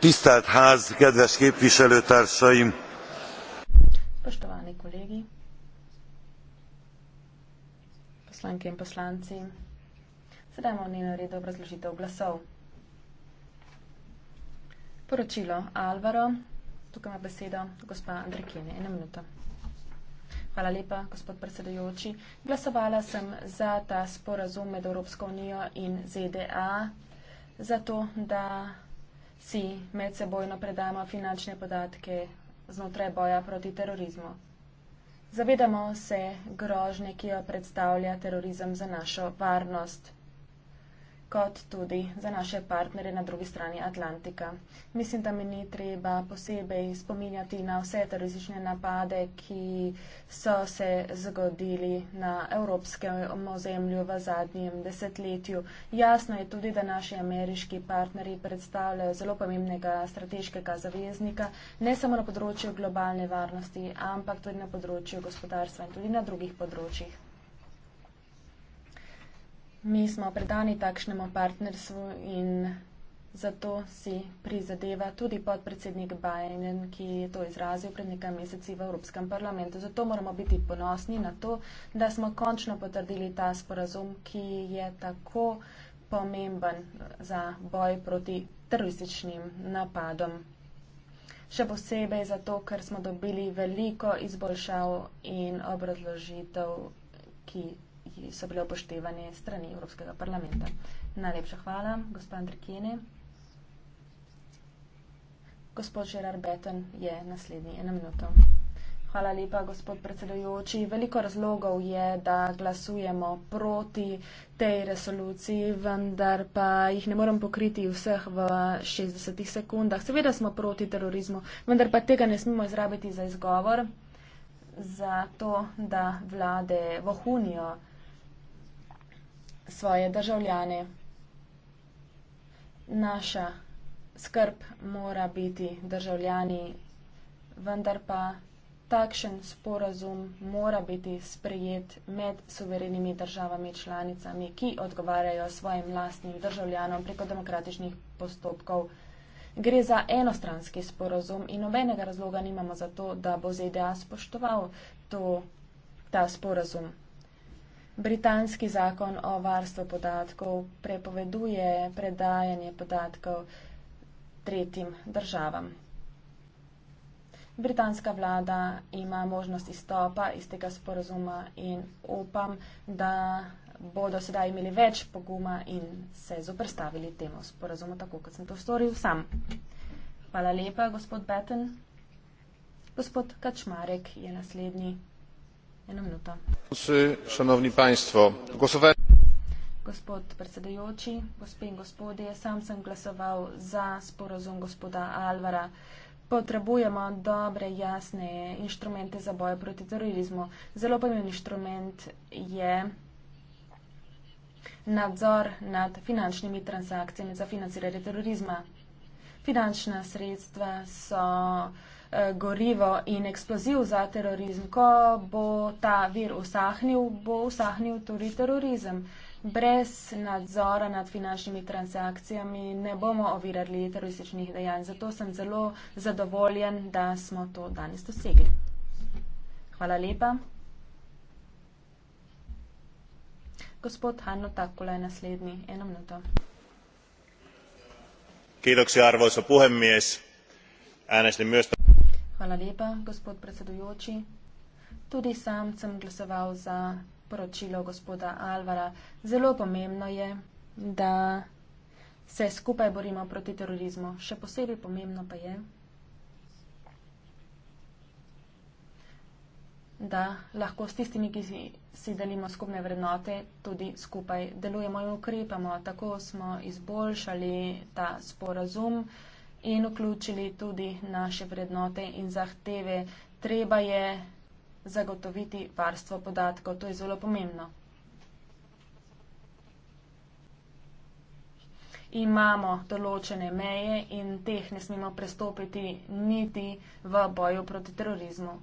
Tisztelt Ház, kedves képviselőtársaim! Poštovani kolegi, poslanke in poslanci, sedaj imamo njeno redo obrazložitev glasov. Poročilo Alvaro, tukaj ima besedo gospa Andrekine, ena minuta. Hvala lepa, gospod predsedujoči. Glasovala sem za ta sporazum med Evropsko unijo in ZDA, zato da si medsebojno predajamo finančne podatke znotraj boja proti terorizmu. Zavedamo se grožnje, ki jo predstavlja terorizem za našo varnost kot tudi za naše partnere na drugi strani Atlantika. Mislim, da mi ni treba posebej spominjati na vse teroristične napade, ki so se zgodili na evropskem ozemlju v zadnjem desetletju. Jasno je tudi, da naši ameriški partneri predstavljajo zelo pomembnega strateškega zaveznika, ne samo na področju globalne varnosti, ampak tudi na področju gospodarstva in tudi na drugih področjih. Mi smo predani takšnemu partnerstvu in zato si prizadeva tudi podpredsednik Bajnen, ki je to izrazil pred nekaj meseci v Evropskem parlamentu. Zato moramo biti ponosni na to, da smo končno potrdili ta sporazum, ki je tako pomemben za boj proti terorističnim napadom. Še posebej zato, ker smo dobili veliko izboljšav in obrazložitev, ki ki so bile upoštevane strani Evropskega parlamenta. Najlepša hvala, gospod Andrikini. Gospod Gerard Betten je naslednji eno minuto. Hvala lepa, gospod predsedujoči. Veliko razlogov je, da glasujemo proti tej resoluciji, vendar pa jih ne morem pokriti vseh v 60 sekundah. Seveda smo proti terorizmu, vendar pa tega ne smemo izrabiti za izgovor, za to, da vlade vohunijo svoje državljane. Naša skrb mora biti državljani, vendar pa takšen sporazum mora biti sprejet med suverenimi državami članicami, ki odgovarjajo svojim lastnim državljanom preko demokratičnih postopkov. Gre za enostranski sporazum in nobenega razloga nimamo za to, da bo ZDA spoštoval to, ta sporazum britanski zakon o varstvu podatkov prepoveduje predajanje podatkov tretjim državam. Britanska vlada ima možnost izstopa iz tega sporozuma in upam, da bodo sedaj imeli več poguma in se zoprstavili temu sporozumu, tako kot sem to storil sam. Hvala lepa, gospod Betten. Gospod Kačmarek je naslednji gospod predsedujoči gospe in gospodje sam sem glasoval za sporazum gospoda alvara potrebujemo dobre jasne inštrumente za boj proti terorizmu zelo pomemben inštrument je nadzor nad finančnimi transakcijami za financiranje terorizma finančna sredstva so Eh, gorivo in eksploziv za terorizem. Ko bo ta vir usahnil, bo usahnil tudi terorizem. Brez nadzora nad finančnimi transakcijami ne bomo ovirali terorističnih dejanj. Zato sem zelo zadovoljen, da smo to danes dosegli. Hvala lepa. Gospod Hanno Takula je naslednji. Eno minuto. Kiitoksia arvoisa puhemies. Äänestin myös Hvala lepa, gospod predsedujoči. Tudi sam sem glasoval za poročilo gospoda Alvara. Zelo pomembno je, da se skupaj borimo proti terorizmu. Še posebej pomembno pa je, da lahko s tistimi, ki si delimo skupne vrednote, tudi skupaj delujemo in ukrepamo. Tako smo izboljšali ta sporazum in vključili tudi naše vrednote in zahteve. Treba je zagotoviti varstvo podatkov, to je zelo pomembno. Imamo določene meje in teh ne smemo prestopiti niti v boju proti terorizmu.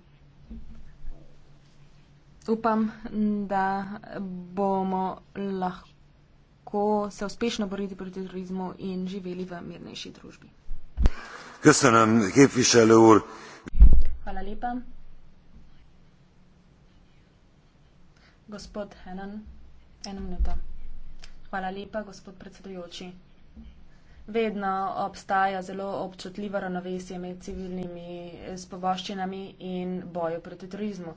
Upam, da bomo lahko se uspešno boriti proti terorizmu in živeli v mirnejši družbi. Hvala lepa, gospod predsedujoči. Vedno obstaja zelo občutljivo ravnovesje med civilnimi eh, spovoščinami in boju proti turizmu.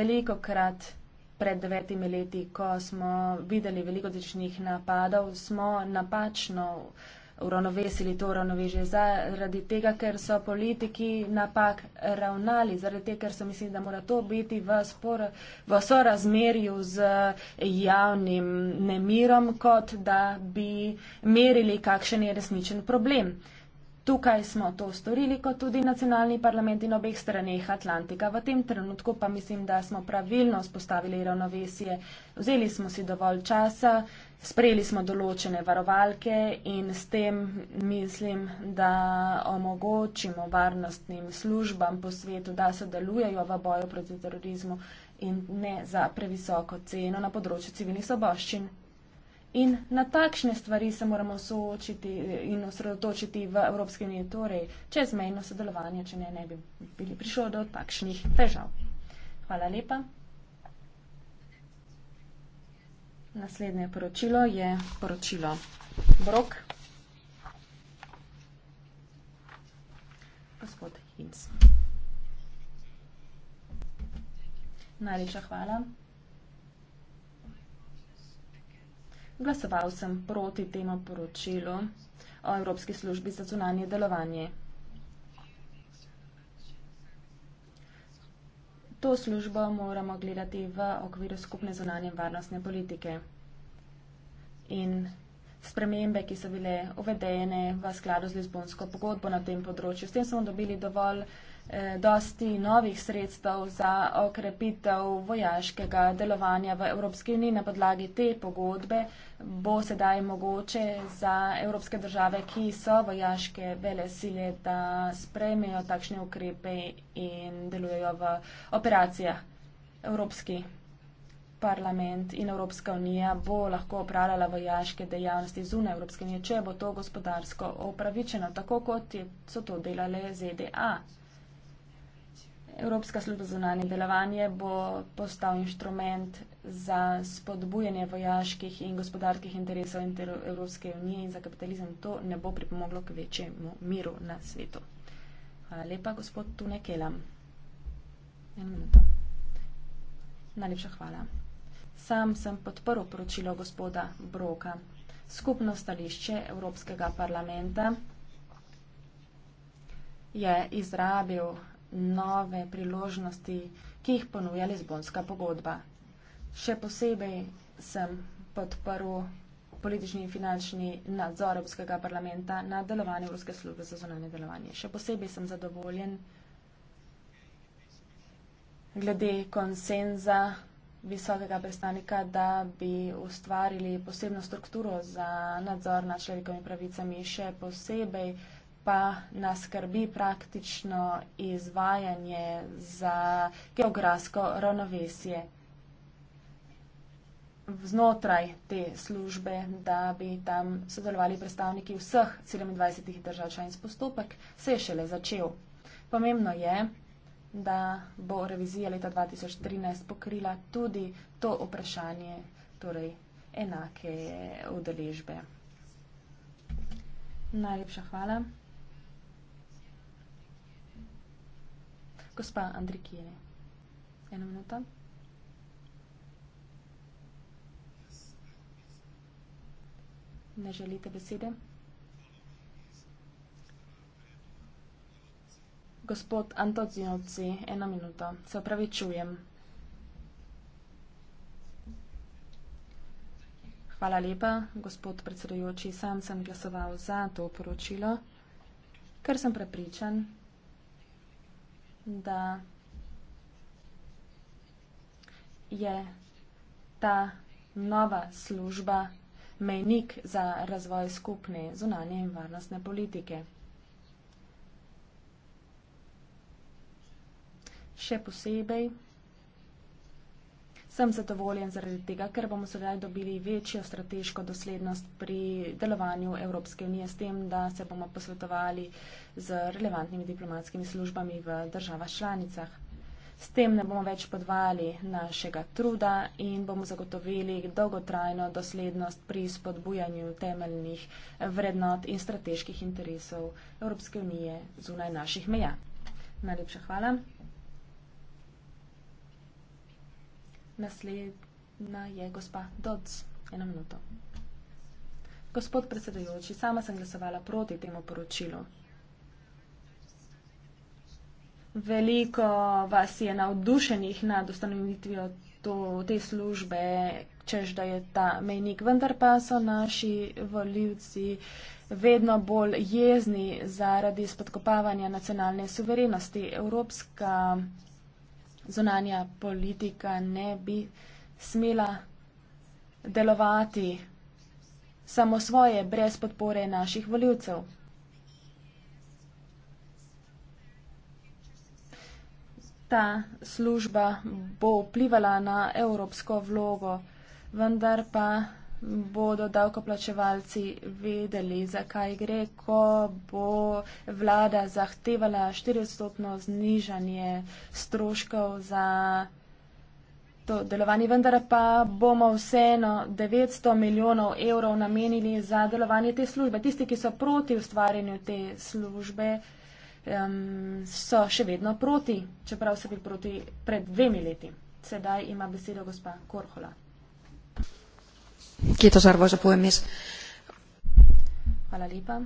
Veliko krat pred devetimi leti, ko smo videli veliko različnih napadov, smo napačno uravnovesili to ravnovežje. Zaradi tega, ker so politiki napak ravnali, zaradi tega, ker so mislili, da mora to biti v, spor, v sorazmerju z javnim nemirom, kot da bi merili, kakšen je resničen problem. Tukaj smo to storili, kot tudi nacionalni parlament in obeh straneh Atlantika. V tem trenutku pa mislim, da smo pravilno spostavili ravnovesje. Vzeli smo si dovolj časa, sprejeli smo določene varovalke in s tem mislim, da omogočimo varnostnim službam po svetu, da sodelujejo v boju proti terorizmu in ne za previsoko ceno na področju civilnih soboščin. In na takšne stvari se moramo soočiti in osredotočiti v Evropski uniji, torej čezmejno sodelovanje, če ne, ne bi bili prišlo do takšnih težav. Hvala lepa. Naslednje poročilo je poročilo Brok. Gospod Hinz. Najlepša hvala. glasoval sem proti temu poročilu o Evropski službi za zunanje delovanje. To službo moramo gledati v okviru skupne zunanje varnostne politike. In spremembe, ki so bile uvedene v skladu z Lizbonsko pogodbo na tem področju, s tem smo dobili dovolj uh, Eh, dosti novih sredstev za okrepitev vojaškega delovanja v Evropski uniji na podlagi te pogodbe bo sedaj mogoče za evropske države, ki so vojaške vele sile, da spremejo takšne ukrepe in delujejo v operacijah. Evropski parlament in Evropska unija bo lahko opravljala vojaške dejavnosti zunaj Evropske unije, če bo to gospodarsko opravičeno, tako kot so to delale ZDA. Evropska služba za zunanje delovanje bo postal inštrument za spodbujanje vojaških in gospodarskih interesov inter Evropske unije in za kapitalizem. To ne bo pripomoglo k večjemu miru na svetu. Hvala lepa, gospod Tunekelam. Eno minuto. Najlepša hvala. Sam sem podprl poročilo gospoda Broka. Skupno stališče Evropskega parlamenta je izrabil nove priložnosti, ki jih ponuja Lizbonska pogodba. Še posebej sem podprl politični in finančni nadzor Evropskega parlamenta na delovanje Evropske službe za zonalne delovanje. Še posebej sem zadovoljen glede konsenza visokega predstavnika, da bi ustvarili posebno strukturo za nadzor nad človekovimi pravicami. Še posebej pa nas skrbi praktično izvajanje za geografsko ravnovesje znotraj te službe, da bi tam sodelovali predstavniki vseh 27 držav članic postopek, se je šele začel. Pomembno je, da bo revizija leta 2013 pokrila tudi to vprašanje, torej enake udeležbe. Najlepša hvala. Gospa Andrej Kijeli. Eno minuto. Ne želite besede? Gospod Antocinovci, eno minuto. Se pravi, čujem. Hvala lepa, gospod predsedujoči. Sam sem glasoval za to poročilo, ker sem prepričan, da je ta nova služba mejnik za razvoj skupne zunanje in varnostne politike. Še posebej Sem zadovoljen zaradi tega, ker bomo sedaj dobili večjo strateško doslednost pri delovanju Evropske unije s tem, da se bomo posvetovali z relevantnimi diplomatskimi službami v državah članicah. S tem ne bomo več podvali našega truda in bomo zagotovili dolgotrajno doslednost pri spodbujanju temeljnih vrednot in strateških interesov Evropske unije zunaj naših meja. Najlepša hvala. Naslednja je gospa Dodds. Eno minuto. Gospod predsedujoči, sama sem glasovala proti temu poročilu. Veliko vas je navdušenih nad ustanovitvijo to, te službe, čež da je ta mejnik, vendar pa so naši voljivci vedno bolj jezni zaradi spodkopavanja nacionalne suverenosti. Evropska zunanja politika ne bi smela delovati samo svoje, brez podpore naših voljivcev. Ta služba bo vplivala na evropsko vlogo, vendar pa bodo davkoplačevalci vedeli, zakaj gre, ko bo vlada zahtevala 4-stopno znižanje stroškov za to delovanje. Vendar pa bomo vseeno 900 milijonov evrov namenili za delovanje te službe. Tisti, ki so proti ustvarjanju te službe, um, so še vedno proti, čeprav so bili proti pred dvemi leti. Sedaj ima besedo gospa Korhola. Kiitos arvoisa puhemies. Hvala lepa.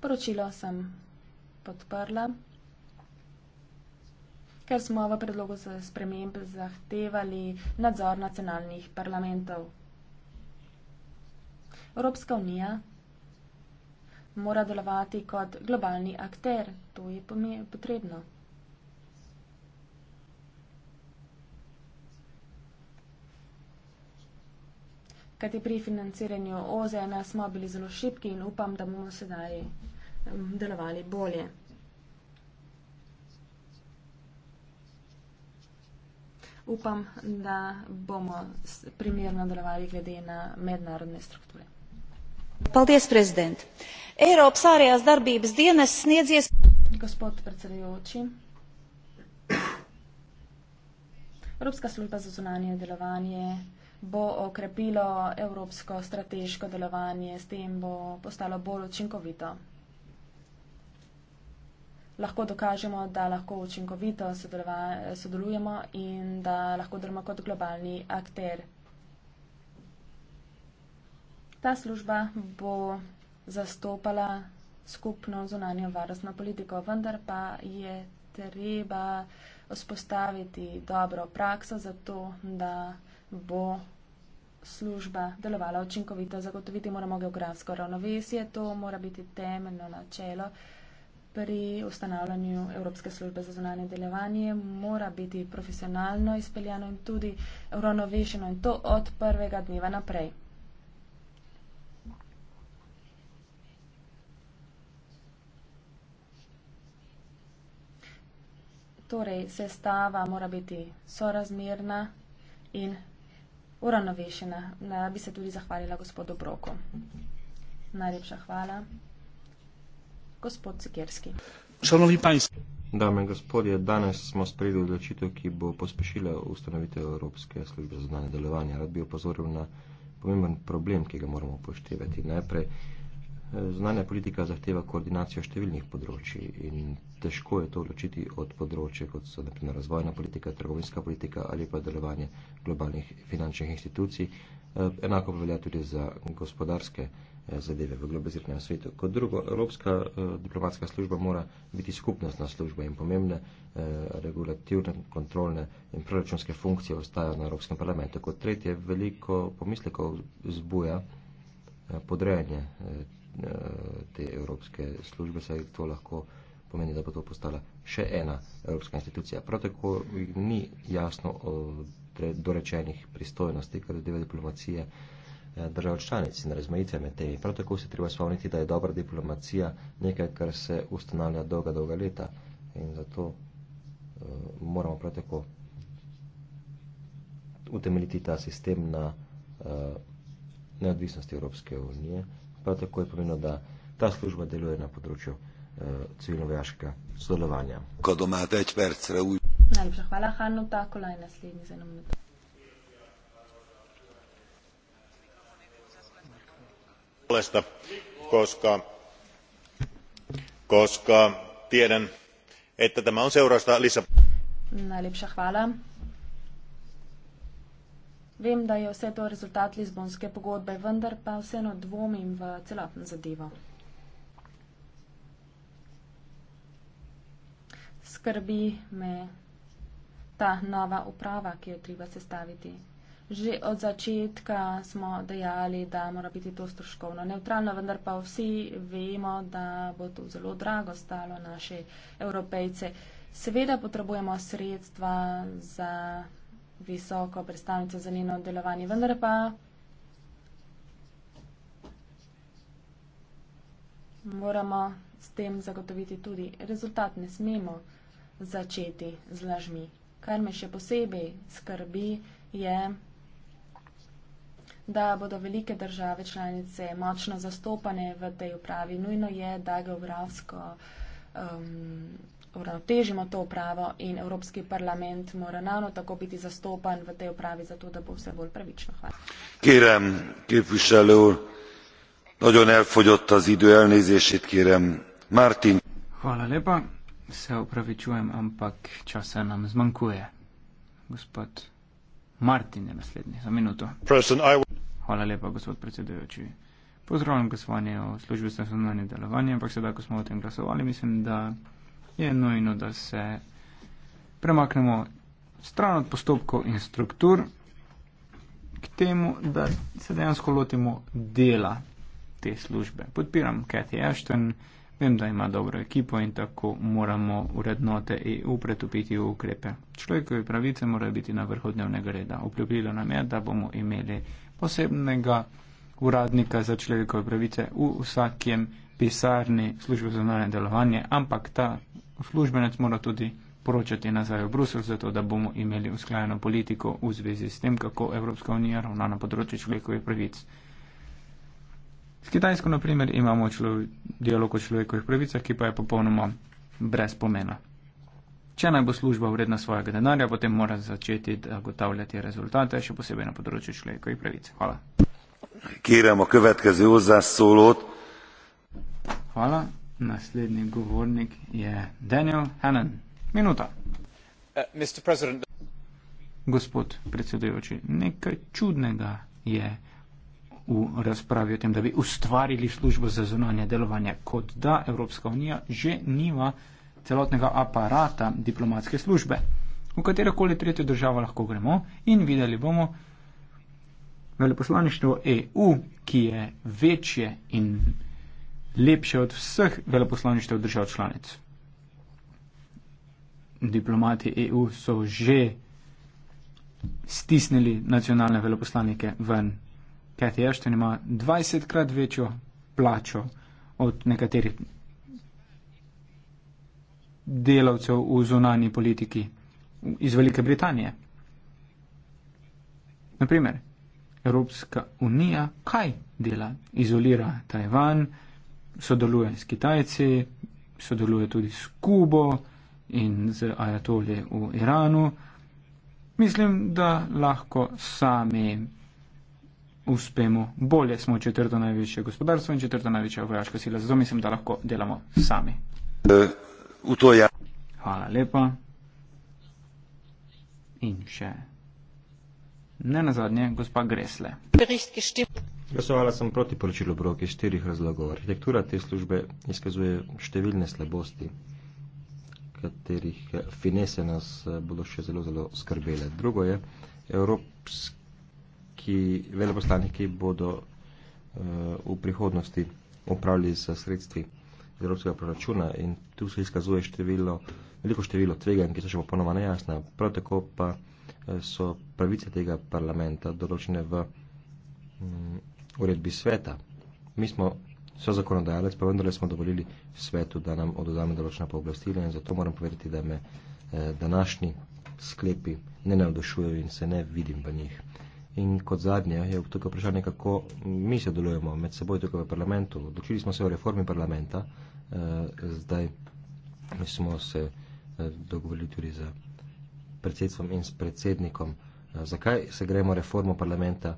Poročilo sem podprla, ker smo v predlogu za sprememb zahtevali nadzor nacionalnih parlamentov. Evropska unija mora delovati kot globalni akter, to je potrebno. kajti pri financiranju OZN smo bili zelo šipki in upam, da bomo sedaj delovali bolje. Upam, da bomo primerno delovali glede na mednarodne strukture. Paldies, prezident. Eiropas ārējās darbības dienas sniedzies. Gospod predsedujoči. Evropska služba za zunanje delovanje bo okrepilo evropsko strateško delovanje, s tem bo postalo bolj učinkovito. Lahko dokažemo, da lahko učinkovito sodelujemo in da lahko drmo kot globalni akter. Ta služba bo zastopala skupno zunanjo varnostno politiko, vendar pa je treba vzpostaviti dobro prakso za to, da bo služba delovala učinkovito. Zagotoviti moramo geografsko ravnovesje, to mora biti temeljno načelo. Pri ustanavljanju Evropske službe za zunanje delovanje mora biti profesionalno izpeljano in tudi ravnovešeno in to od prvega dneva naprej. Torej, sestava mora biti sorazmerna in uravnovešena. Bi se tudi zahvalila gospodu Broku. Najlepša hvala. Gospod Sikerski. Šanovni panjski. Dame in gospodje, danes smo sprejeli odločitev, ki bo pospešila ustanovitev Evropske službe za znanje delovanja. Rad bi opozoril na pomemben problem, ki ga moramo upoštevati. Najprej, eh, znanja politika zahteva koordinacijo številnih področji in težko je to ločiti od področja, kot so naprimer razvojna politika, trgovinska politika ali pa delovanje globalnih finančnih institucij. E, enako velja tudi za gospodarske e, zadeve v globaliziranem svetu. Kot drugo, Evropska eh, diplomatska služba mora biti skupnostna služba in pomembne eh, regulativne, kontrolne in proračunske funkcije ostajajo na Evropskem parlamentu. Kot tretje, veliko pomislekov zbuja eh, podrejanje eh, te Evropske službe, saj to lahko eh, pomeni, da bo to postala še ena evropska institucija. Prav tako ni jasno eh, dorečenih pristojnosti, kar zadeva diplomacije eh, držav članic in razmejitve med temi. Prav tako se treba spomniti, da je dobra diplomacija nekaj, kar se ustanavlja dolga, dolga leta in zato uh, moramo prav tako utemeljiti ta sistem na uh, neodvisnosti Evropske unije. Prav tako je pomenilo, da ta služba deluje na področju uh, Eh, civilno-vojaškega sodelovanja. Ko doma teč perc, reuj. Najlepša hvala, Hanno, tako laj naslednji za eno minuto. koska, koska tiedän, että tämä on seurausta lisä... Najlepša hvala. Vem, da je vse to rezultat Lizbonske pogodbe, vendar pa vseeno dvomim v celotno zadevo. skrbi me ta nova uprava, ki jo treba sestaviti. Že od začetka smo dejali, da mora biti to stroškovno neutralno, vendar pa vsi vemo, da bo to zelo drago stalo naše evropejce. Seveda potrebujemo sredstva za visoko predstavnico za njeno delovanje, vendar pa moramo s tem zagotoviti tudi rezultat. Ne smemo začeti z lažmi. Kar me še posebej skrbi, je, da bodo velike države članice močno zastopane v tej upravi. Nujno je, da geografsko um, uravnotežimo to upravo in Evropski parlament mora ravno tako biti zastopan v tej upravi, zato da bo vse bolj pravično. Hvala. Kérem, képviselő úr, nagyon elfogyott az idő, elnézését kérem. Martin. Hvala lepa se opravičujem, ampak časa nam zmanjkuje. Gospod Martin je naslednji, za minuto. Hvala lepa, gospod predsedujoči. Pozdravljam glasovanje o službi za zunanje delovanje, ampak sedaj, ko smo o tem glasovali, mislim, da je nujno, da se premaknemo stran od postopkov in struktur k temu, da se dejansko lotimo dela te službe. Podpiram Kathy Ashton. Vem, da ima dobro ekipo in tako moramo urednote EU pretopiti v ukrepe. Človekove pravice morajo biti na vrhu dnevnega reda. Obljubilo nam je, da bomo imeli posebnega uradnika za človekove pravice v vsakem pisarni službe za naravne delovanje, ampak ta službenec mora tudi poročati nazaj v Bruselj, zato da bomo imeli usklajeno politiko v zvezi s tem, kako Evropska unija ravna na področju človekovih pravic. S Kitajsko, na primer, imamo člov, dialog o človekovih pravicah, ki pa je popolnoma brez pomena. Če naj bo služba vredna svojega denarja, potem mora začeti zagotavljati rezultate, še posebej na področju človekovih pravic. Hvala. Kiremo következő hozzászólót. Hvala. Naslednji govornik je Daniel Hannan. Minuta. Uh, Gospod predsedujoči, nekaj čudnega je v razpravi o tem, da bi ustvarili službo za zunanje delovanje, kot da Evropska unija že nima celotnega aparata diplomatske službe. V katero koli tretjo državo lahko gremo in videli bomo veleposlaništvo EU, ki je večje in lepše od vseh veleposlaništv držav članic. Diplomati EU so že stisnili nacionalne veleposlanike ven Kathy Ashton ima 20krat večjo plačo od nekaterih delavcev v zunanji politiki iz Velike Britanije. Naprimer, Evropska unija kaj dela? Izolira Tajvan, sodeluje s Kitajci, sodeluje tudi s Kubo in z ajatolje v Iranu. Mislim, da lahko sami uspemo bolje. Smo četrto največje gospodarstvo in četrta največja vojaška sila, zato mislim, da lahko delamo sami. Eh, Hvala lepa. In še ne na zadnje, gospa Gresle. Glasovala sem proti poročilu Broke iz štirih razlogov. Arhitektura te službe izkazuje številne slabosti, katerih finese nas bodo še zelo, zelo skrbele. Drugo je, evropski ki, veleposlaniki bodo uh, v prihodnosti upravljali z sredstvi evropskega proračuna in tu se izkazuje število, veliko število tveganj, ki so še popolnoma nejasna. Prav tako pa eh, so pravice tega parlamenta določene v um, uredbi sveta. Mi smo so zakonodajalec, pa vendarle smo dovolili svetu, da nam oddame določena pooblastila in zato moram povedati, da me eh, današnji sklepi ne navdušujejo in se ne vidim v njih. In kot zadnje je tukaj vprašanje, kako mi sodelujemo med seboj tukaj v parlamentu. Odločili smo se o reformi parlamenta, eh, zdaj smo se eh, dogovorili tudi za predsedstvom in s predsednikom. Eh, zakaj se gremo reformo parlamenta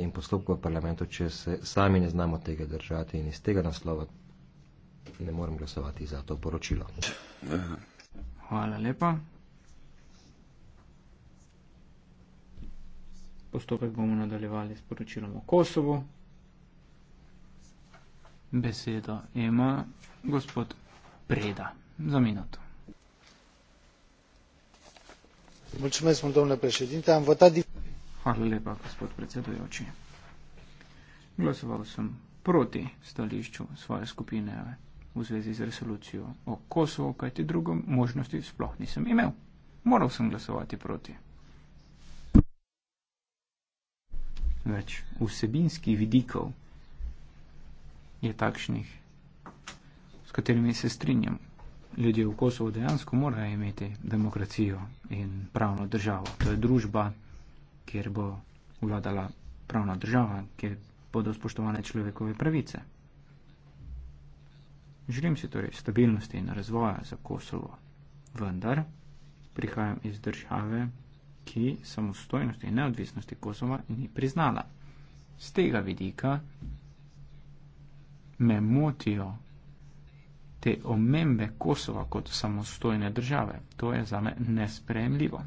in postopko v parlamentu, če se sami ne znamo tega držati in iz tega naslova ne morem glasovati za to poročilo? Hvala lepa. Postopek bomo nadaljevali s poročilom o Kosovu. Besedo ima gospod Preda za minuto. Mulțumesc, domnule președinte. Am votat din... Hvala lepa, gospod predsedujoči. Glasoval sem proti stališču svoje skupine v zvezi z resolucijo o Kosovo, kajti drugo možnosti sploh nisem imel. Moral sem glasovati proti. več vsebinskih vidikov je takšnih, s katerimi se strinjam. Ljudje v Kosovo dejansko morajo imeti demokracijo in pravno državo. To je družba, kjer bo vladala pravna država, kjer bodo spoštovane človekove pravice. Želim si torej stabilnosti in razvoja za Kosovo, vendar prihajam iz države, ki samostojnosti in neodvisnosti Kosova ni priznala. Z tega vidika me motijo te omembe Kosova kot samostojne države. To je zame nespremljivo.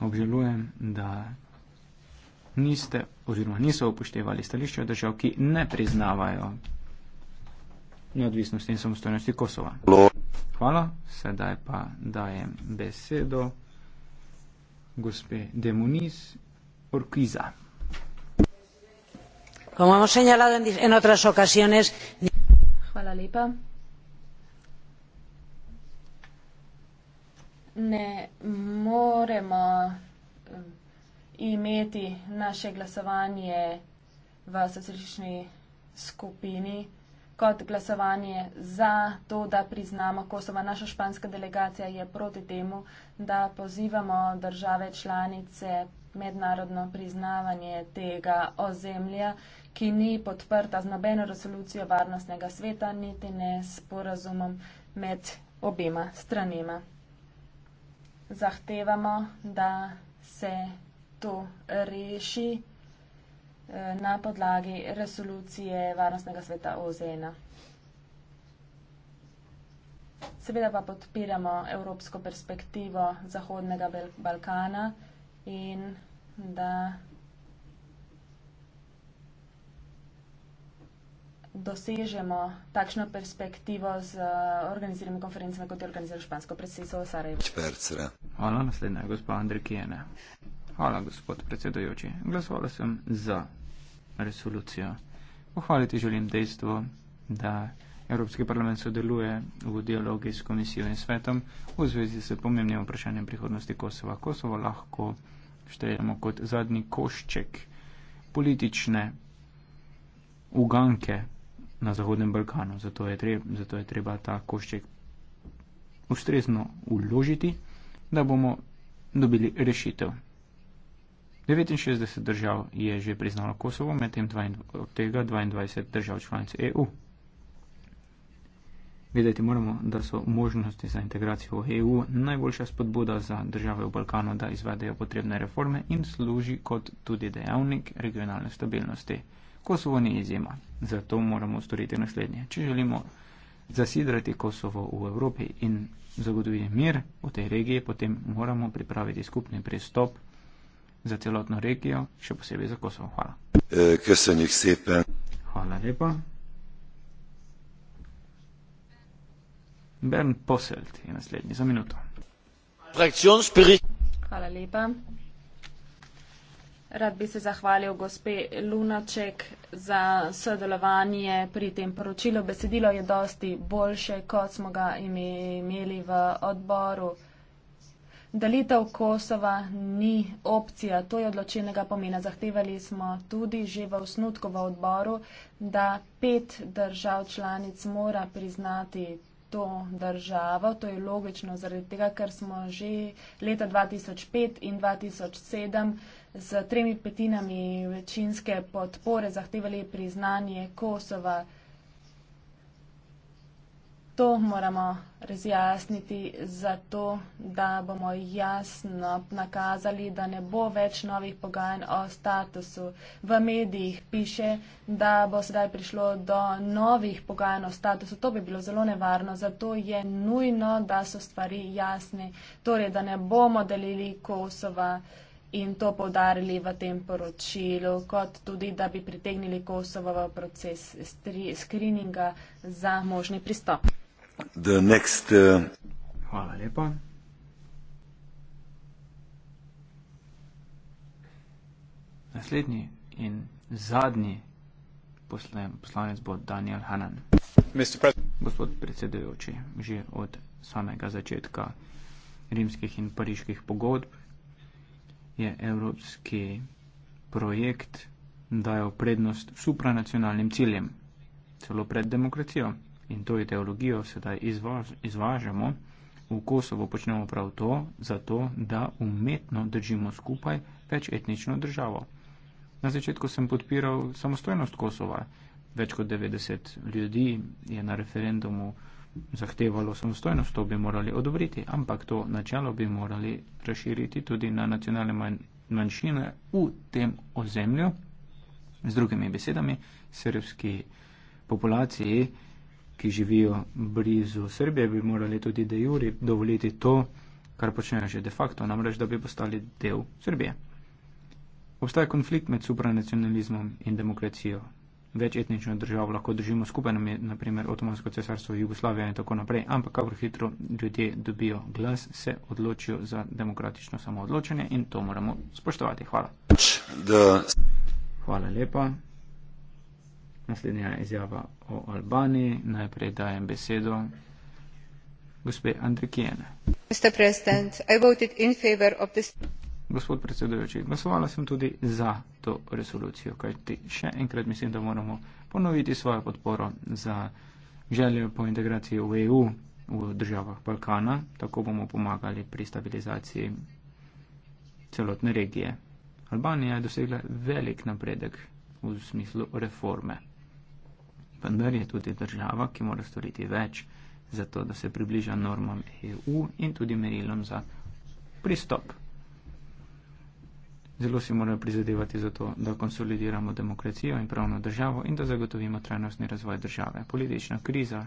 Obžalujem, da niste oziroma niso upoštevali stališča držav, ki ne priznavajo neodvisnosti in samostojnosti Kosova. Lord hvala. Sedaj pa dajem besedo gospe Demoniz Orkiza. Hvala lepa. Ne moremo eh, imeti naše glasovanje v socialistični skupini kot glasovanje za to, da priznamo Kosova. Naša španska delegacija je proti temu, da pozivamo države članice mednarodno priznavanje tega ozemlja, ki ni podprta z nobeno resolucijo varnostnega sveta, niti ne s porazumom med obima stranima. Zahtevamo, da se to reši. Eh, na podlagi resolucije Varnostnega sveta OZN. Seveda pa podpiramo evropsko perspektivo Zahodnega Balkana in da dosežemo takšno perspektivo z eh, organiziranimi konferencami, kot je organiziral špansko predsedstvo v Sarajevo. Hvala, naslednja je gospod Andrej Kijene. Hvala, gospod predsedujoči. Glasovala sem za resolucijo. Pohvaliti želim dejstvo, da Evropski parlament sodeluje v dialogi s komisijo in svetom v zvezi s pomembnim vprašanjem prihodnosti Kosova. Kosovo lahko štejemo kot zadnji košček politične uganke na Zahodnem Balkanu. Zato je, treb, zato je treba ta košček ustrezno uložiti, da bomo dobili rešitev. 69 držav je že priznalo Kosovo, medtem od tega 22 držav članic EU. Videti moramo, da so možnosti za integracijo v EU najboljša spodbuda za države v Balkanu, da izvedejo potrebne reforme in služi kot tudi dejavnik regionalne stabilnosti. Kosovo ni izjema, zato moramo storiti naslednje. Če želimo zasidrati Kosovo v Evropi in zagotoviti mir v tej regiji, potem moramo pripraviti skupni pristop za celotno regijo, še posebej za Kosovo. Hvala. Eh, Hvala lepa. Bern Poselt je naslednji za minuto. Hvala lepa. Rad bi se zahvalil gospe Lunaček za sodelovanje pri tem poročilu. Besedilo je dosti boljše, kot smo ga imeli v odboru. Delitev Kosova ni opcija, to je odločilnega pomena. Zahtevali smo tudi že v osnutku v odboru, da pet držav članic mora priznati to državo. To je logično zaradi tega, ker smo že leta 2005 in 2007 z tremi petinami večinske podpore zahtevali priznanje Kosova. To moramo razjasniti zato, da bomo jasno nakazali, da ne bo več novih pogajanj o statusu. V medijih piše, da bo sedaj prišlo do novih pogajanj o statusu. To bi bilo zelo nevarno, zato je nujno, da so stvari jasne, torej da ne bomo delili Kosova. In to povdarili v tem poročilu, kot tudi, da bi pritegnili Kosovo v proces skrininga za možni pristop. Next, uh... Hvala lepa. Naslednji in zadnji poslanec bo Daniel Hanan. Gospod predsedujoči, že od samega začetka rimskih in pariških pogodb je evropski projekt dajal prednost supranacionalnim ciljem, celo pred demokracijo in to ideologijo sedaj izvaž, izvažamo v Kosovo, počnemo prav to, zato da umetno držimo skupaj več etnično državo. Na začetku sem podpiral samostojnost Kosova. Več kot 90 ljudi je na referendumu zahtevalo samostojnost, to bi morali odobriti, ampak to načelo bi morali razširiti tudi na nacionalne manjšine v tem ozemlju. Z drugimi besedami, srpski populaciji ki živijo blizu Srbije, bi morali tudi de juri dovoliti to, kar počnejo že de facto, namreč da bi postali del Srbije. Obstaja konflikt med supranacionalizmom in demokracijo. Več etnično državo lahko držimo skupaj, naprimer Otomansko cesarstvo, Jugoslavijo in tako naprej, ampak kakor hitro ljudje dobijo glas, se odločijo za demokratično samoodločenje in to moramo spoštovati. Hvala. Hvala lepa. Naslednja izjava o Albaniji. Najprej dajem besedo gospe Andrikijene. Gospod predsedujoči, glasovala sem tudi za to resolucijo, kajti še enkrat mislim, da moramo ponoviti svojo podporo za željo po integraciji v EU v državah Balkana. Tako bomo pomagali pri stabilizaciji celotne regije. Albanija je dosegla velik napredek v smislu reforme vendar je tudi država, ki mora storiti več za to, da se približa normam EU in tudi merilom za pristop. Zelo si moramo prizadevati za to, da konsolidiramo demokracijo in pravno državo in da zagotovimo trajnostni razvoj države. Politična kriza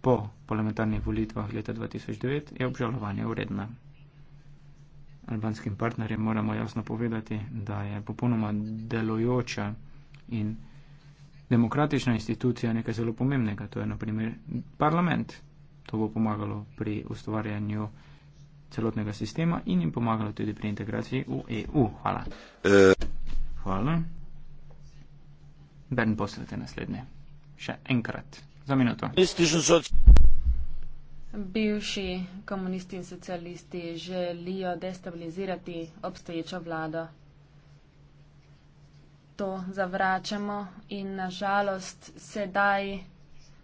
po parlamentarnih volitvah leta 2009 je obžalovanje vredna. Albanskim partnerjem moramo jasno povedati, da je popolnoma delojoča in demokratična institucija nekaj zelo pomembnega, to je naprimer parlament. To bo pomagalo pri ustvarjanju celotnega sistema in jim pomagalo tudi pri integraciji v EU. Hvala. E. Hvala. Bern, poslete naslednje. Še enkrat. Za minuto. Bivši komunisti in socialisti želijo destabilizirati obstoječo vlado to zavračamo in nažalost sedaj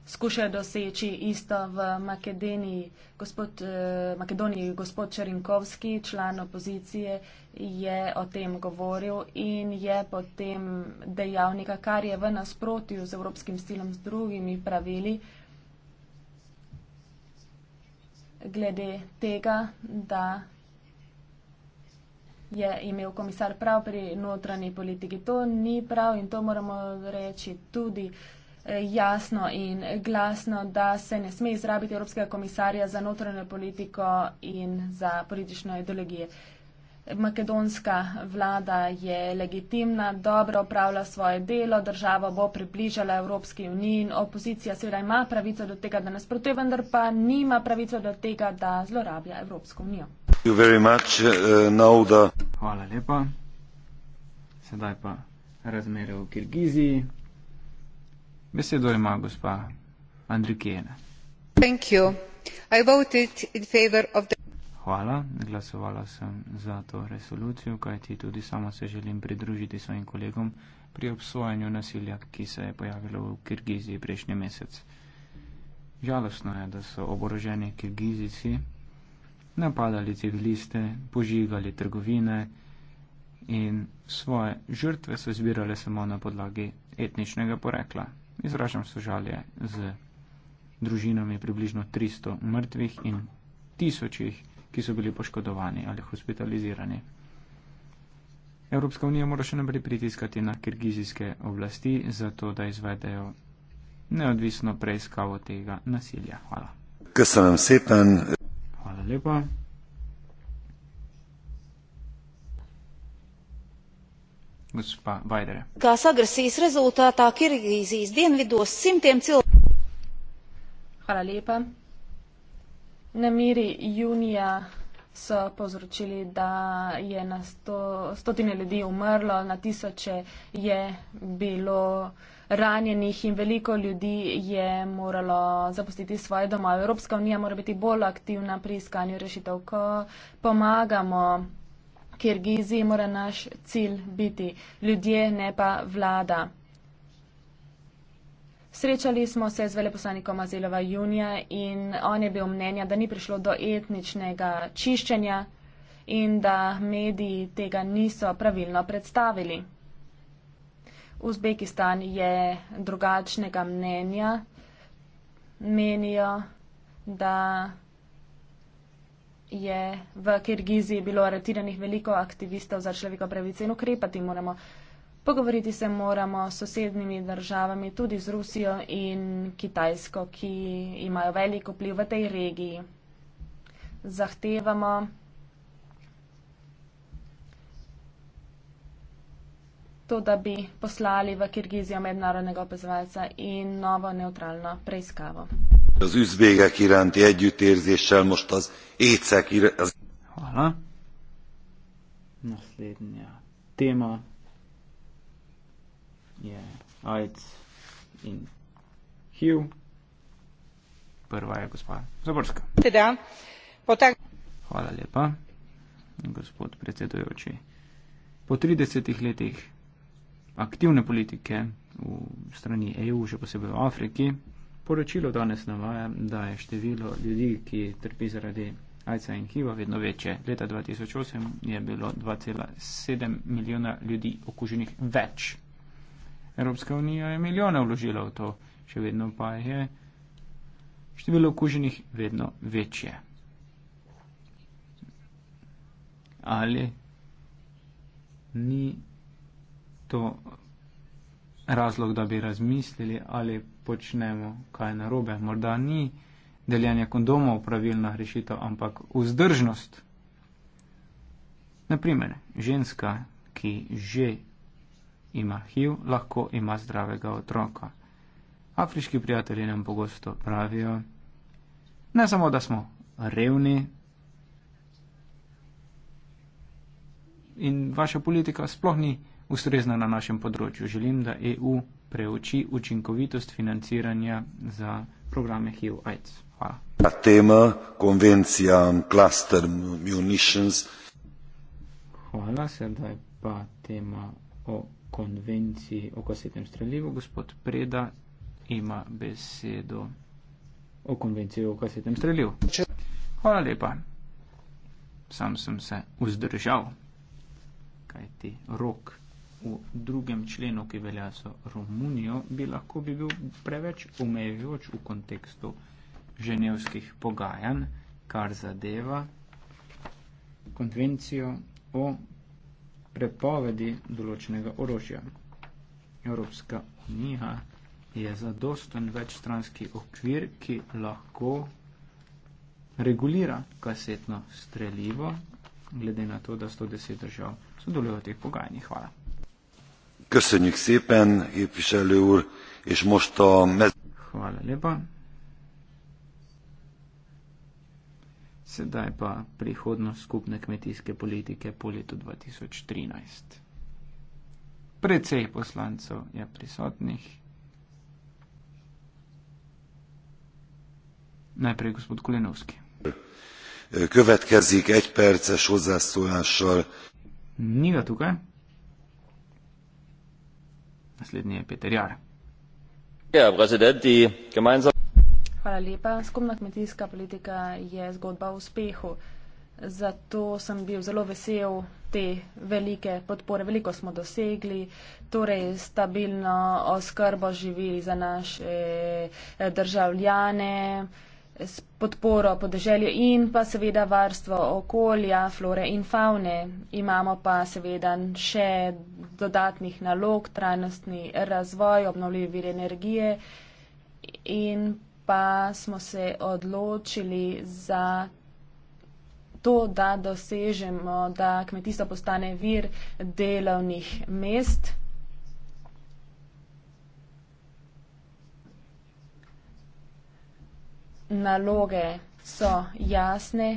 skušajo doseči isto v Makedoniji. Gospod, eh, Makedoniji gospod Čerinkovski, član opozicije, je o tem govoril in je potem dejal nekaj, kar je v nasprotju z evropskim stilom z drugimi pravili. Glede tega, da je imel komisar prav pri notranji politiki. To ni prav in to moramo reči tudi eh, jasno in glasno, da se ne sme izrabiti Evropskega komisarja za notranjo politiko in za politično ideologijo makedonska vlada je legitimna, dobro opravlja svoje delo, država bo približala Evropski uniji in opozicija seveda ima pravico do tega, da nasprotuje, vendar pa nima pravico do tega, da zlorablja Evropsko unijo. Much, uh, Hvala lepa. Sedaj pa razmere v Kirgiziji. Besedo ima gospa Andrikijena. Thank you. I voted in favor of the hvala. Glasovala sem za to resolucijo, kajti tudi sama se želim pridružiti svojim kolegom pri obsojanju nasilja, ki se je pojavilo v Kirgiziji prejšnji mesec. Žalostno je, da so oboroženi Kirgizici napadali civiliste, požigali trgovine in svoje žrtve so zbirale samo na podlagi etničnega porekla. Izražam sožalje z družinami približno 300 mrtvih in tisočih ki so bili poškodovani ali hospitalizirani. Evropska unija mora še naprej pritiskati na kirgizijske oblasti, zato da izvedejo neodvisno preiskavo tega nasilja. Hvala. Hvala lepa. Gospa Vajdere. Kas agresijas rezultata Kirgizijas dienvidos simtiem cilvēkiem? Hvala lepa. Nemiri junija so povzročili, da je na sto, stotine ljudi umrlo, na tisoče je bilo ranjenih in veliko ljudi je moralo zapustiti svoje doma. Evropska unija mora biti bolj aktivna pri iskanju rešitev, ko pomagamo Kirgiziji, mora naš cilj biti ljudje, ne pa vlada. Srečali smo se z veleposlanikom Azelova junija in on je bil mnenja, da ni prišlo do etničnega čiščenja in da mediji tega niso pravilno predstavili. Uzbekistan je drugačnega mnenja. Menijo, da je v Kirgiziji bilo aretiranih veliko aktivistov za človekove pravice in ukrepati moramo. Pogovoriti se moramo s sosednjimi državami, tudi z Rusijo in Kitajsko, ki imajo veliko vpliv v tej regiji. Zahtevamo, to, da bi poslali v Kirgizijo mednarodnega opazovalca in novo neutralno preiskavo. Hvala. Naslednja tema je Aid oh, in Hugh. Prva je gospa Zaborska. Teda, potak... Hvala lepa, gospod predsedujoči. Po 30 letih aktivne politike v strani EU, še posebej v Afriki, poročilo danes navaja, da je število ljudi, ki trpi zaradi AIDS-a in HIV-a, vedno večje. Leta 2008 je bilo 2,7 milijona ljudi okuženih več. Evropska unija je milijone vložila v to, še vedno pa je število okuženih vedno večje. Ali ni to razlog, da bi razmislili, ali počnemo kaj narobe? Morda ni deljenje kondomov pravilna rešitev, ampak vzdržnost. Naprimer, ženska, ki že ima HIV, lahko ima zdravega otroka. Afriški prijatelji nam pogosto pravijo, ne samo, da smo revni in vaša politika sploh ni ustrezna na našem področju. Želim, da EU preuči učinkovitost financiranja za programe HIV-AIDS. E Hvala. Na tema konvencija Cluster Munitions. Hvala, sedaj pa tema o konvenciji o kasetnem streljivu. Gospod Preda ima besedo o konvenciji o kasetnem streljivu. Hvala lepa. Sam sem se vzdržal, kaj ti rok v drugem členu, ki velja za Romunijo, bi lahko bi bil preveč omejujoč v kontekstu ženevskih pogajanj, kar zadeva konvencijo o prepovedi določenega orožja. Evropska unija je zadosten večstranski okvir, ki lahko regulira kasetno streljivo, glede na to, da 110 držav sodeluje v teh pogajanjih. Hvala. Köszönjük szépen, képviselő úr, és most a... Hvala lepa. Sedaj pa prihodnost skupne kmetijske politike po letu 2013. Predvsej poslancev je prisotnih. Najprej gospod Kulinovski. Következik egy perces hozzászólással. Niga tukaj. Naslednji je Peter Jar. Ja, prezident, ki gemeinsam... Hvala lepa. Skupna kmetijska politika je zgodba o uspehu. Zato sem bil zelo vesel te velike podpore. Veliko smo dosegli, torej stabilno oskrbo živili za naše eh, državljane, podporo podeželju in pa seveda varstvo okolja, flore in faune. Imamo pa seveda še dodatnih nalog, trajnostni razvoj, obnovljivi vir energije in pa smo se odločili za to, da dosežemo, da kmetijstvo postane vir delovnih mest. Naloge so jasne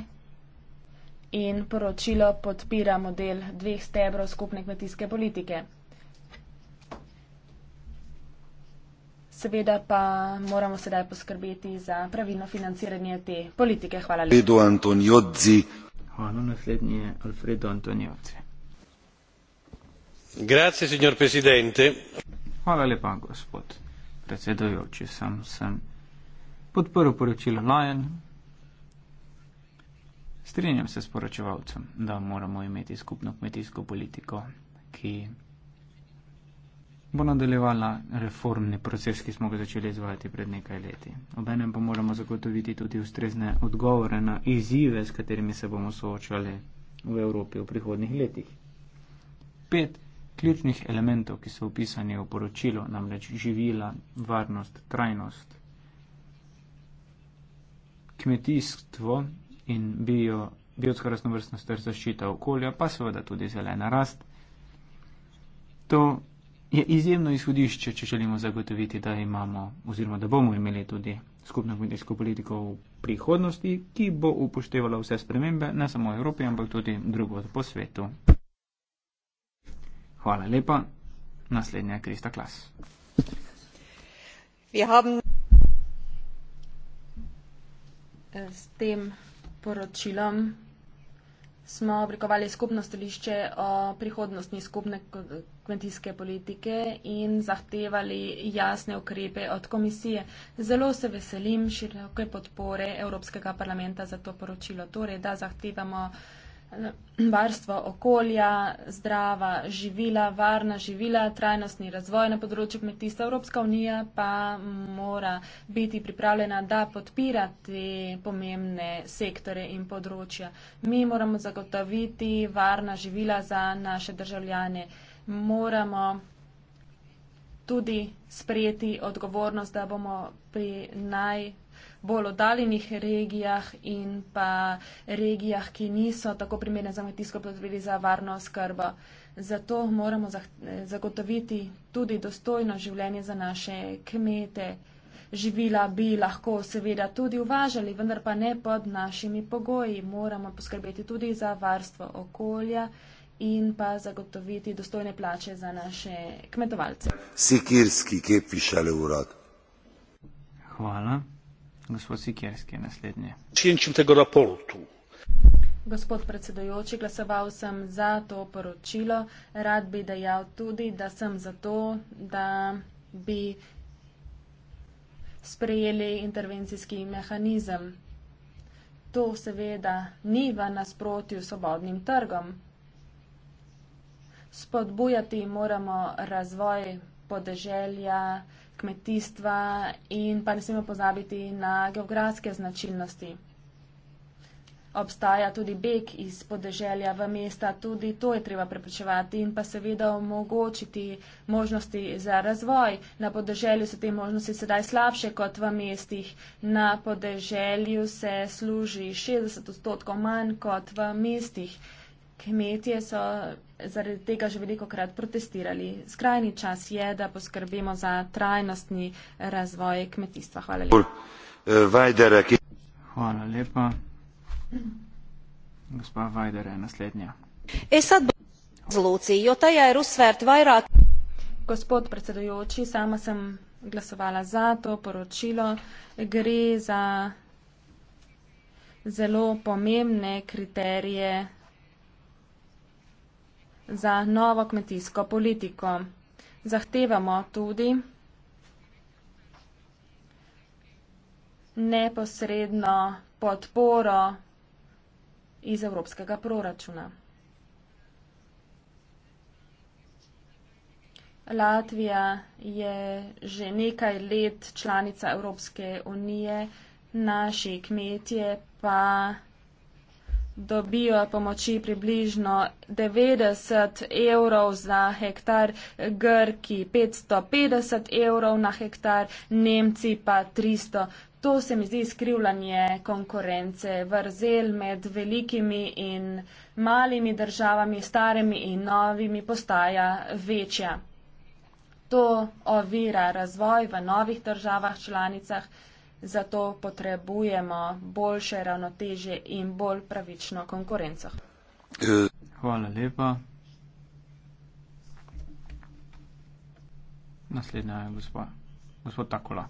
in poročilo podpira model dveh stebrov skupne kmetijske politike. Seveda pa moramo sedaj poskrbeti za pravilno financiranje te politike. Hvala lepa. Alfredo Antoniozzi. Hvala, naslednji je Alfredo Antoniozzi. Grazie, signor Presidente. Hvala lepa, gospod predsedujoči. Sam sem podprl poročilo Lion. Strinjam se s poročevalcem, da moramo imeti skupno kmetijsko politiko, ki bo nadaljevala reformni proces, ki smo ga začeli izvajati pred nekaj leti. Obenem pa moramo zagotoviti tudi ustrezne odgovore na izzive, s katerimi se bomo soočali v Evropi v prihodnih letih. Pet ključnih elementov, ki so opisani v poročilu, namreč živila, varnost, trajnost, kmetijstvo in bio, biotsko raznovrstnost ter zaščita okolja, pa seveda tudi zelena rast. To je izjemno izhodišče, če želimo zagotoviti, da imamo oziroma da bomo imeli tudi skupno kmetijsko politiko v prihodnosti, ki bo upoštevala vse spremembe, ne samo v Evropi, ampak tudi drugod po svetu. Hvala lepa. Naslednja je Krista Klas. Eh, s tem poročilom smo oblikovali skupno stališče o prihodnosti skupne kmetijske politike in zahtevali jasne ukrepe od komisije. Zelo se veselim široke podpore Evropskega parlamenta za to poročilo, torej da zahtevamo eh, varstvo okolja, zdrava živila, varna živila, trajnostni razvoj na področju kmetijstva. Evropska unija pa mora biti pripravljena, da podpira te pomembne sektore in področja. Mi moramo zagotoviti varna živila za naše državljane moramo tudi sprejeti odgovornost, da bomo pri najbolj oddaljenih regijah in pa regijah, ki niso tako primerne za kmetijsko potrebili za varno skrbo. Zato moramo zagotoviti tudi dostojno življenje za naše kmete. Živila bi lahko seveda tudi uvažali, vendar pa ne pod našimi pogoji. Moramo poskrbeti tudi za varstvo okolja in pa zagotoviti dostojne plače za naše kmetovalce. Sikirski, ki je pišal v rod. Hvala. Gospod Sikirski, naslednje. Činčim tega raportu. Gospod predsedojoči, glasoval sem za to poročilo. Rad bi dejal tudi, da sem za to, da bi sprejeli intervencijski mehanizem. To seveda ni v nasprotju s svobodnim trgom, spodbujati moramo razvoj podeželja, kmetijstva in pa ne smemo pozabiti na geografske značilnosti. Obstaja tudi beg iz podeželja v mesta, tudi to je treba preprečevati in pa seveda omogočiti možnosti za razvoj. Na podeželju so te možnosti sedaj slabše kot v mestih. Na podeželju se služi 60 odstotkov manj kot v mestih kmetije so zaradi tega že veliko krat protestirali. Skrajni čas je, da poskrbimo za trajnostni razvoj kmetijstva. Hvala lepa. Hvala lepa. Gospa Vajder je naslednja. Gospod predsedujoči, sama sem glasovala za to poročilo. Gre za zelo pomembne kriterije za novo kmetijsko politiko. Zahtevamo tudi neposredno podporo iz evropskega proračuna. Latvija je že nekaj let članica Evropske unije, naši kmetje pa dobijo pomoči približno 90 evrov za hektar, Grki 550 evrov na hektar, Nemci pa 300. To se mi zdi skrivljanje konkurence, vrzel med velikimi in malimi državami, starimi in novimi, postaja večja. To ovira razvoj v novih državah članicah. Zato potrebujemo boljše ravnotežje in bolj pravično konkurenco. Hvala lepa. Naslednja je gospod, gospod Takola.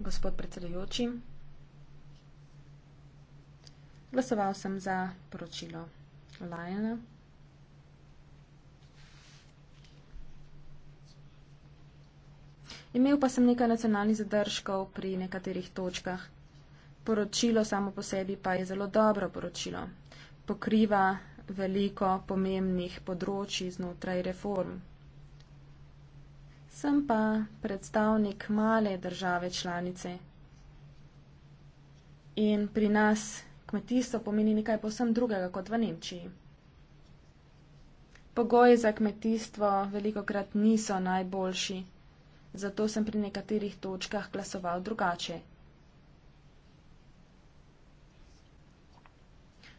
Gospod predsedujoči, glasoval sem za poročilo Lajana. Imel pa sem nekaj nacionalnih zadržkov pri nekaterih točkah. Poročilo samo po sebi pa je zelo dobro poročilo. Pokriva veliko pomembnih področji znotraj reform. Sem pa predstavnik male države članice. In pri nas kmetijstvo pomeni nekaj posem drugega kot v Nemčiji. Pogoji za kmetijstvo veliko krat niso najboljši zato sem pri nekaterih točkah glasoval drugače.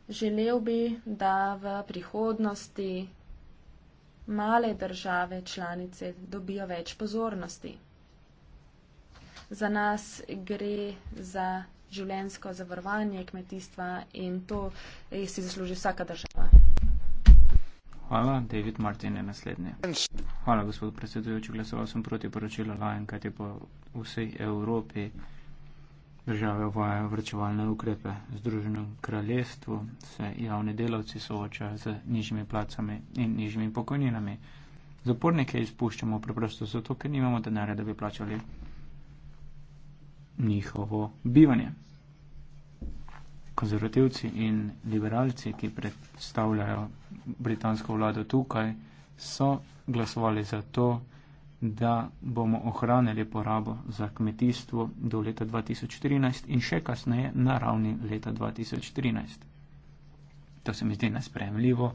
Želel bi, da v prihodnosti male države članice dobijo več pozornosti. Za nas gre za življensko zavarovanje kmetijstva in to si zasluži vsaka država. Hvala, David Martin je naslednji. Hvala, gospod predsedujoči. Glasoval sem proti poročilu Lajen, kaj je po vsej Evropi države uvajajo vrčevalne ukrepe. Združenem kraljestvu se javni delavci soočajo z nižjimi placami in nižjimi pokojninami. Zapornike izpuščamo preprosto zato, ker nimamo denarja, da bi plačali njihovo bivanje konzervativci in liberalci, ki predstavljajo britansko vlado tukaj, so glasovali za to, da bomo ohranili porabo za kmetijstvo do leta 2013 in še kasneje na ravni leta 2013. To se mi zdi nespremljivo.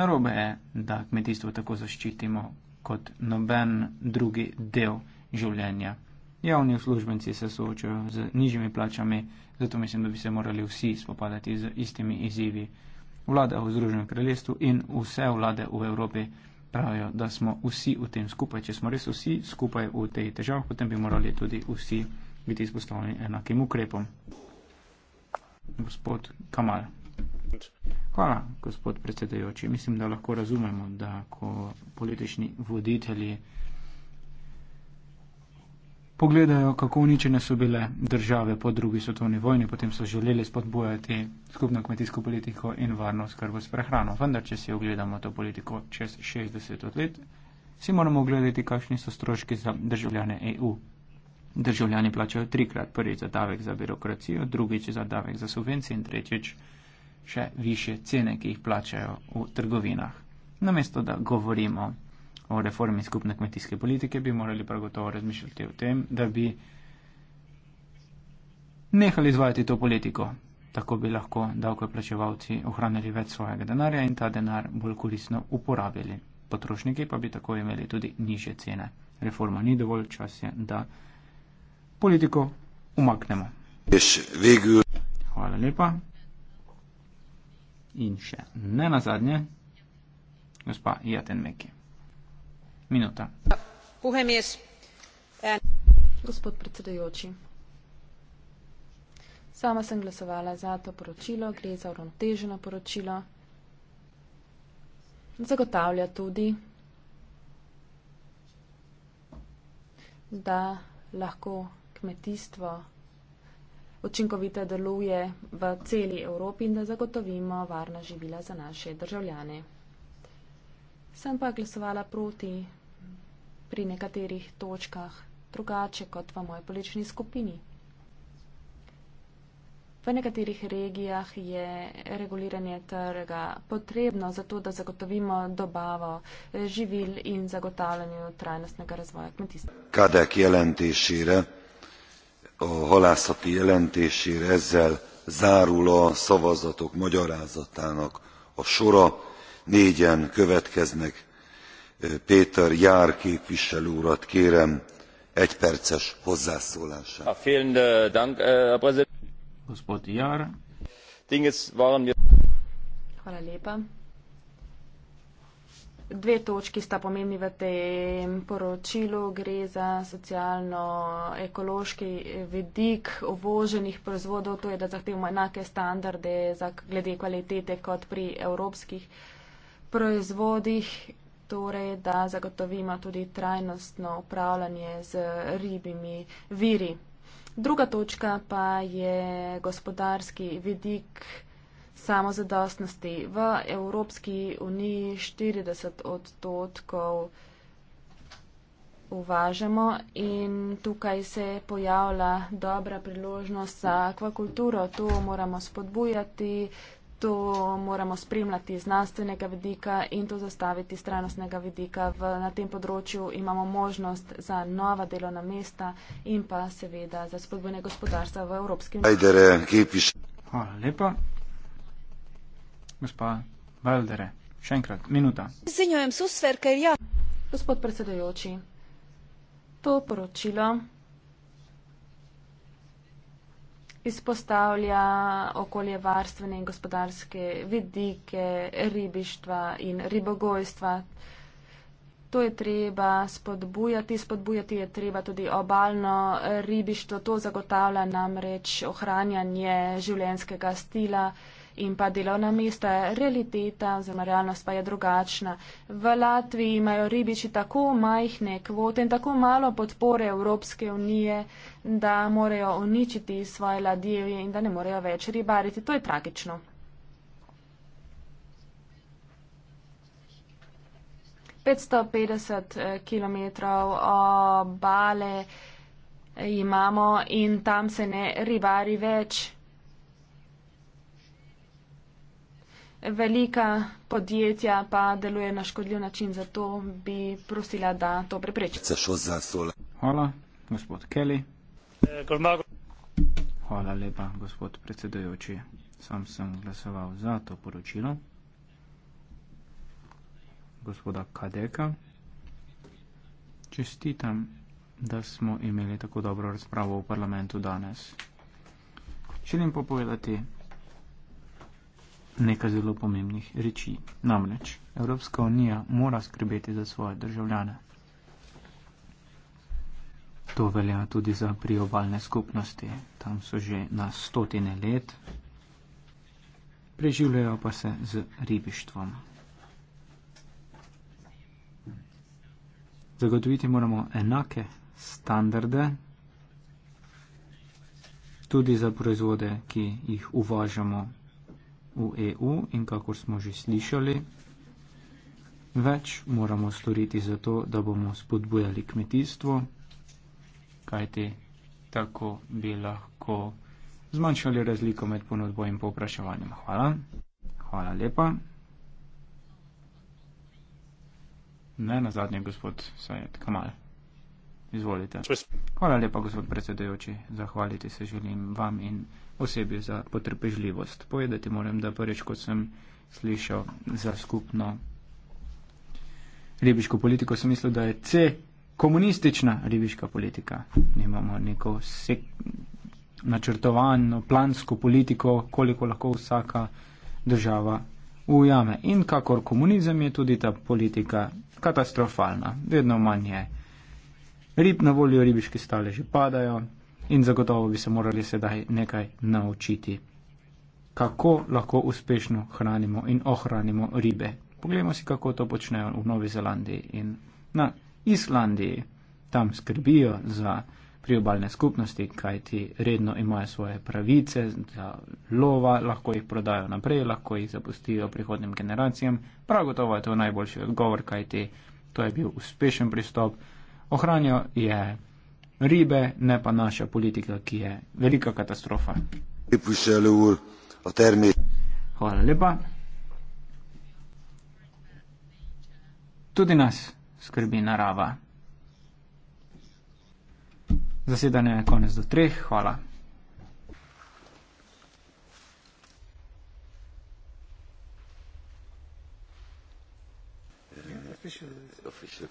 Narobe je, da kmetijstvo tako zaščitimo kot noben drugi del življenja javni uslužbenci se soočajo z nižjimi plačami, zato mislim, da bi se morali vsi spopadati z istimi izzivi. Vlada v Združenem kraljestvu in vse vlade v Evropi pravijo, da smo vsi v tem skupaj. Če smo res vsi skupaj v tej težavi, potem bi morali tudi vsi biti izpostavljeni enakim ukrepom. Gospod Kamal. Hvala, gospod predsedajoči. Mislim, da lahko razumemo, da ko politični voditelji pogledajo, kako uničene so bile države po drugi svetovni vojni, potem so želeli spodbujati skupno kmetijsko politiko in varno skrbo s prehrano. Vendar, če si ogledamo to politiko čez 60 let, si moramo ogledati, kakšni so stroški za državljane EU. Državljani plačajo trikrat, prvič za davek za birokracijo, drugič za davek za subvencije in tretjič še više cene, ki jih plačajo v trgovinah. Namesto da govorimo o reformi skupne kmetijske politike, bi morali prav gotovo razmišljati o tem, da bi nehali izvajati to politiko. Tako bi lahko davkoplačevalci ohranili več svojega denarja in ta denar bolj koristno uporabili. Potrošniki pa bi tako imeli tudi nižje cene. Reforma ni dovolj čas, je, da politiko umaknemo. Hvala lepa. In še ne nazadnje, gospa Jaten Meki gospod predsedujoči sama sem glasovala za to poročilo gre za uravnoteženo poročilo zagotavlja tudi da lahko kmetijstvo učinkovito deluje v celi Evropi in da zagotovimo varna živila za naše državljane. Sem pa glasovala proti pri nekaterih točkah drugače kot v moji politični skupini. V nekaterih regijah je reguliranje trga potrebno zato, da zagotovimo dobavo živil in zagotavljanju trajnostnega razvoja kmetijstva. Kadek jelentésére, a halászati jelentésére ezzel záruló szavazatok magyarázatának a sora, négyen következnek peter jahr képviselő urat kérem egyperces hozzászólását. Ja, äh, äh, Dve točki sta pomembni v tem poročilu, gre za socialno-ekološki vidik uvoženih proizvodov, to je, da zahtevamo enake standarde glede kvalitete kot pri evropskih proizvodih torej, da zagotovimo tudi trajnostno upravljanje z ribimi viri. Druga točka pa je gospodarski vidik samozadostnosti. V Evropski uniji 40 odstotkov uvažamo in tukaj se pojavlja dobra priložnost za akvakulturo. To moramo spodbujati, to moramo spremljati iz znanstvenega vidika in to zastaviti iz trajnostnega vidika. V, na tem področju imamo možnost za nova delovna mesta in pa seveda za spodbojne gospodarstva v Evropski uniji. Hvala lepa. Gospa Valdere, še enkrat, minuta. Ja. Gospod predsedujoči, to poročilo izpostavlja okoljevarstvene in gospodarske vidike ribištva in ribogojstva. To je treba spodbujati, spodbujati je treba tudi obalno ribištvo, to zagotavlja namreč ohranjanje življenskega stila in pa delovna mesta je realiteta, oziroma realnost pa je drugačna. V Latviji imajo ribiči tako majhne kvote in tako malo podpore Evropske unije, da morajo uničiti svoje ladjevje in da ne morejo več ribariti. To je tragično. Petsto petdeset eh, kilometrov obale imamo in tam se ne ribari več. velika podjetja pa delujejo na škodljiv način, zato bi prosila, da to preprečite. Hvala, gospod Kelly. Hvala lepa, gospod predsedujoči. Sam sem glasoval za to poročilo. Gospoda Kadeka, čestitam, da smo imeli tako dobro razpravo v parlamentu danes. Želim pa povedati, nekaj zelo pomembnih reči. Namreč Evropska unija mora skrbeti za svoje državljane. To velja tudi za priobalne skupnosti. Tam so že na stotine let, preživljajo pa se z ribištvom. Zagotoviti moramo enake standarde tudi za proizvode, ki jih uvažamo v EU in kakor smo že slišali, več moramo storiti za to, da bomo spodbujali kmetijstvo, kajte tako bi lahko zmanjšali razliko med ponudbo in povpraševanjem. Hvala. Hvala lepa. Ne, na zadnje, gospod Sajet Kamal. Izvolite. Hvala lepa, gospod predsedujoči. Zahvaliti se želim vam in osebi za potrpežljivost. Povedati moram, da prvič, ko sem slišal za skupno ribiško politiko, sem mislil, da je C komunistična ribiška politika. Nemamo neko sek načrtovano, plansko politiko, koliko lahko vsaka država ujame. In kakor komunizem je tudi ta politika katastrofalna. Vedno manj je rib na voljo, ribiški staleži padajo in zagotovo bi se morali sedaj nekaj naučiti. Kako lahko uspešno hranimo in ohranimo ribe? Poglejmo si, kako to počnejo v Novi Zelandiji in na Islandiji. Tam skrbijo za priobalne skupnosti, kajti redno imajo svoje pravice za lova, lahko jih prodajo naprej, lahko jih zapustijo prihodnim generacijam. Prav gotovo je to najboljši odgovor, kajti to je bil uspešen pristop. Ohranjajo je. Yeah ribe, ne pa naša politika, ki je velika katastrofa. Hvala lepa. Tudi nas skrbi narava. Zasedanje je konec do treh. Hvala. Official. Official.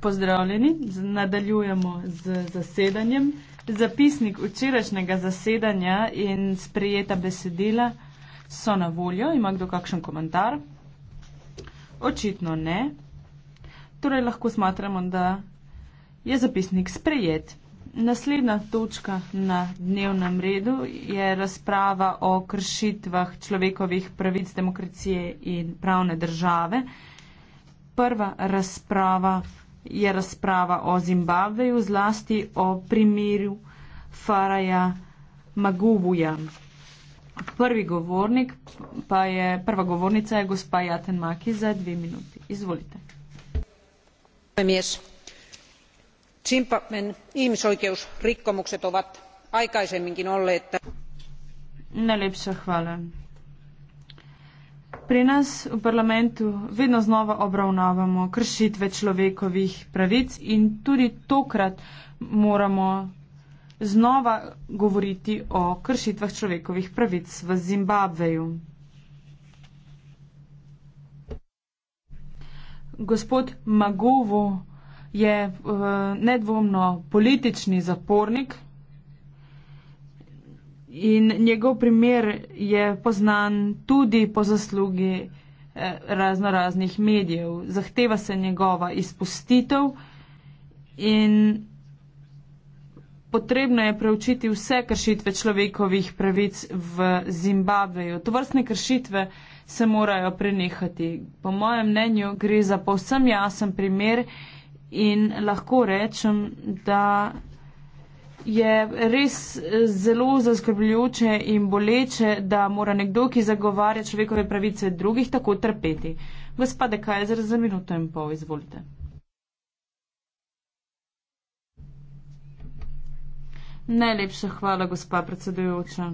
Pozdravljeni, nadaljujemo z zasedanjem. Zapisnik včerajšnjega zasedanja in sprejeta besedila so na voljo. Ima kdo kakšen komentar? Očitno ne. Torej lahko smatramo, da je zapisnik sprejet. Naslednja točka na dnevnem redu je razprava o kršitvah človekovih pravic demokracije in pravne države. Prva razprava je razprava o Zimbabveju, zlasti o primiru Faraja Maguvuja. Prvi govornik pa je, prva govornica je gospa Jaten Maki za dve minuti. Izvolite. Premiješ zimbabwen ihmisoikeusrikkomukset ovat aikaisemminkin olleet najlepša hvala. Pri nas v parlamentu vedno znova obravnavamo kršitve človekovih pravic in tudi tokrat moramo znova govoriti o kršitvah človekovih pravic v Zimbabveju. Gospod Magovo, je eh, nedvomno politični zapornik in njegov primer je poznan tudi po zaslugi eh, razno raznih medijev. Zahteva se njegova izpustitev in potrebno je preučiti vse kršitve človekovih pravic v Zimbabveju. To vrstne kršitve se morajo prenehati. Po mojem mnenju gre za povsem jasen primer, In lahko rečem, da je res zelo zaskrbljujoče in boleče, da mora nekdo, ki zagovarja človekove pravice drugih, tako trpeti. Gospa Dekajzer, za minuto in pol, izvolite. Najlepša hvala, gospa predsedujoča.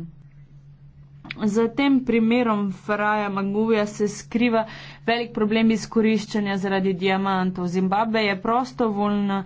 Za tem primerom Faraja Maguja se skriva velik problem izkoriščanja zaradi diamantov. Zimbabve je prostovoljna